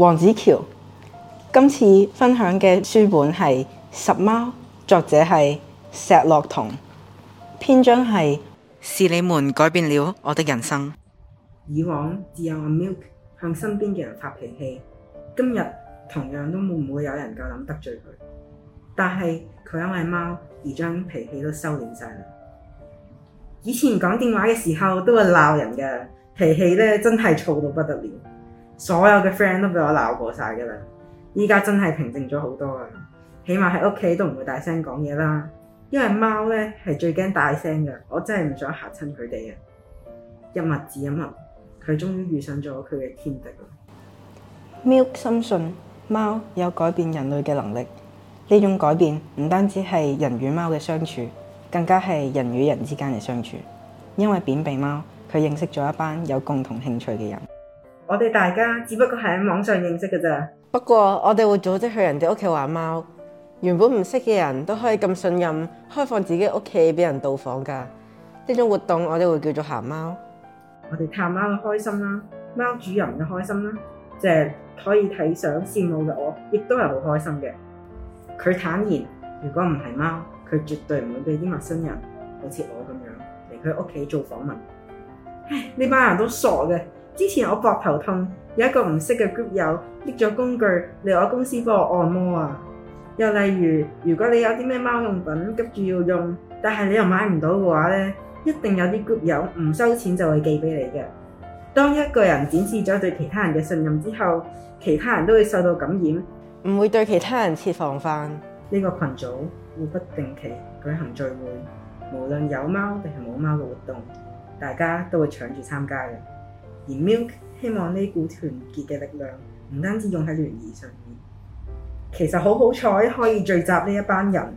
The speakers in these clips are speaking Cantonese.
黃子喬，今次分享嘅書本係《拾貓》，作者係石樂同，篇章係《是你們改變了我的人生》。以往只有阿 Milk 向身邊嘅人發脾氣，今日同樣都唔會有人夠膽得罪佢。但係佢因為貓而將脾氣都收斂晒啦。以前講電話嘅時候都會鬧人嘅，脾氣咧真係燥到不得了。所有嘅 friend 都俾我鬧過晒嘅啦，依家真係平靜咗好多啊！起碼喺屋企都唔會大聲講嘢啦，因為貓咧係最驚大聲嘅，我真係唔想嚇親佢哋啊！一物治一物，佢終於遇上咗佢嘅天敵喇。Milk 深信貓有改變人類嘅能力，呢種改變唔單止係人與貓嘅相處，更加係人與人之間嘅相處。因為扁鼻貓，佢認識咗一班有共同興趣嘅人。我哋大家只不過係喺網上認識嘅啫。不過我哋會組織去人哋屋企玩貓，原本唔識嘅人都可以咁信任，開放自己屋企俾人到訪噶。呢種活動我哋會叫做探貓。我哋探貓嘅開心啦、啊，貓主人嘅開心啦、啊，即、就、係、是、可以睇相羨慕嘅我，亦都係好開心嘅。佢坦言，如果唔係貓，佢絕對唔會俾啲陌生人，好似我咁樣嚟佢屋企做訪問。唉，呢班人都傻嘅。之前我膊頭痛，有一個唔識嘅 group 友拎咗工具嚟我公司幫我按摩啊。又例如，如果你有啲咩貓用品急住要用，但係你又買唔到嘅話咧，一定有啲 group 友唔收錢就會寄俾你嘅。當一個人展示咗對其他人嘅信任之後，其他人都會受到感染，唔會對其他人設防範。呢個群組會不定期舉行聚會，無論有貓定係冇貓嘅活動，大家都會搶住參加嘅。而 Milk 希望呢股團結嘅力量唔單止用喺聯誼上面，其實好好彩可以聚集呢一班人。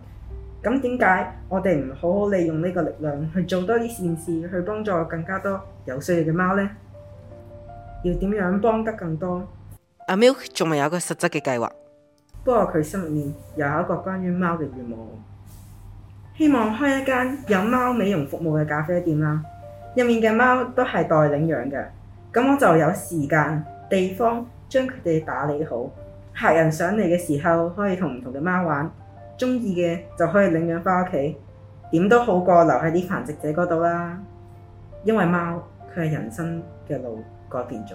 咁點解我哋唔好好利用呢個力量去做多啲善事，去幫助更加多有需要嘅貓呢？要點樣幫得更多？阿 Milk 仲未有個實質嘅計劃，不過佢心入面有一個關於貓嘅願望，希望開一間有貓美容服務嘅咖啡店啦。入面嘅貓都係待領養嘅。咁我就有時間、地方將佢哋打理好，客人上嚟嘅時候可以同唔同嘅貓玩，鍾意嘅就可以領養返屋企，點都好過留喺呢繁殖者嗰度啦。因為貓佢係人生嘅路改變咗。